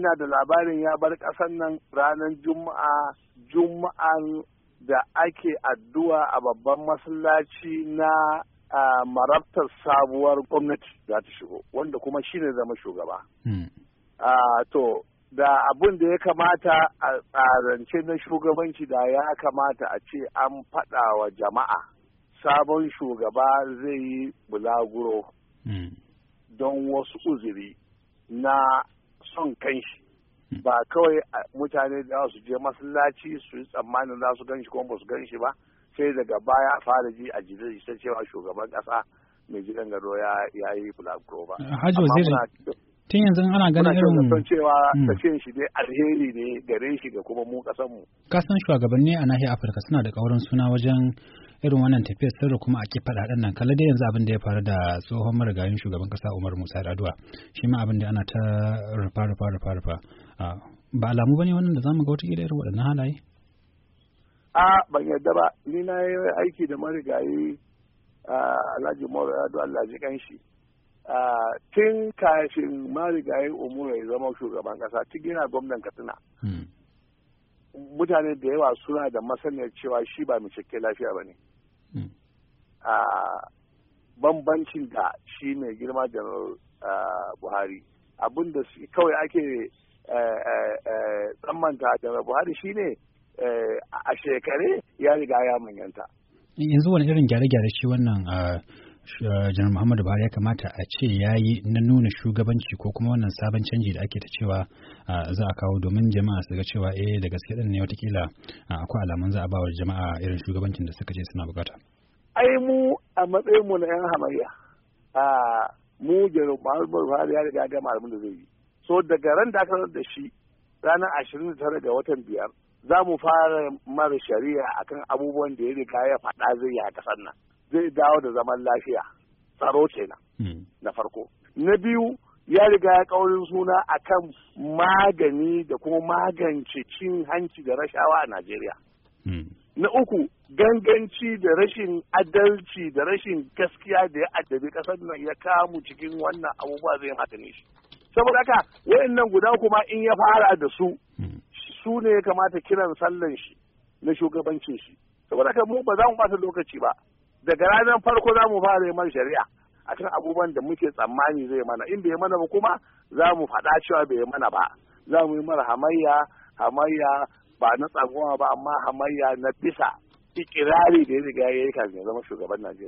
ina da labarin ya bar ƙasar nan ranar juma'a juma'an da ake addu'a a babban masallaci na marabtar sabuwar gwamnati za ta shigo wanda kuma shi ne zama shugaba hmm. to da abin da ya kamata a tsarance na shugabanci da ya kamata a ce an faɗa wa jama'a sabon shugaba zai yi bulaguro hmm. don wasu uzuri na son shi hmm. ba kawai mutane da su je masallaci su yi tsammanin za su ganshi kuma ba su ganshi ba sai daga baya fara ji a jita cewa shugaban kasa mai jiran gado ya yi fulak ba. tun yanzu ana ganin irin mu son cewa hmm. tafiyan shi dai alheri ne gare shi da kuma mu kasan mu ka san shugabanni a nahiyar Afirka suna da kaurin suna wajen irin wannan tafiyar sirri kuma a kifa faɗaɗen nan kalla dai yanzu abin da ya faru da tsohon marigayin shugaban kasa Umar Musa Raduwa shi ma abin da ana ta rufa rufa rufa rufa ba alamu bane wannan da zamu ga wata irin waɗannan halaye a ban yadda ba ni na yi aiki da marigayi alhaji mawar alhaji kanshi tun kafin marigayi umura ya zama shugaban kasa tun yana gwamnan katsina hmm. mutane da yawa suna da masaniyar cewa shi ba mai cike lafiya ba ne hmm. bambancin da shi mai girma da buhari abinda kawai ake tsammanta janar buhari shi ne a shekare ya riga ya manyanta yanzu wani irin gyare-gyare shi wannan Eh, janar muhammadu buhari ya kamata a ce ya yi na nuna shugabanci ko kuma wannan sabon canji da ake ta cewa za a kawo domin jama'a su ga cewa eh da gaske din ne watakila akwai alamun za a bawa jama'a irin shugabancin da suka ce suna bukata ai mu a matsayin mu na yan hamayya a mu janar muhammadu buhari ya riga gama abin da zai yi so daga ran da da shi ranar ashirin da tara ga watan biyar za mu fara mara shari'a akan abubuwan da ya riga ya faɗa zai yi a ƙasar nan zai dawo da zaman lafiya tsaro kenan hmm. na farko na biyu ya riga ya kaurin suna a kan magani da kuma magance cin hanci da rashawa a Najeriya hmm. na uku ganganci da rashin adalci da rashin gaskiya da ya addabi kasar nan ya kamu cikin wannan abubuwa zai hatane shi saboda haka wayannan guda kuma in ya fara da su hmm. su ne ya kamata kiran sallan shi na shugabancin shi saboda haka mu ba za mu bata lokaci ba daga ranar farko za mu fara yi mana shari'a can abubuwan da muke tsammani zai mana in bai mana ba kuma za mu faɗa cewa bai mana ba za mu yi mana hamayya hamayya ba na tsangwama ba amma hamayya na bisa ikirari da ya riga ya yi kafin ya zama shugaban najeriya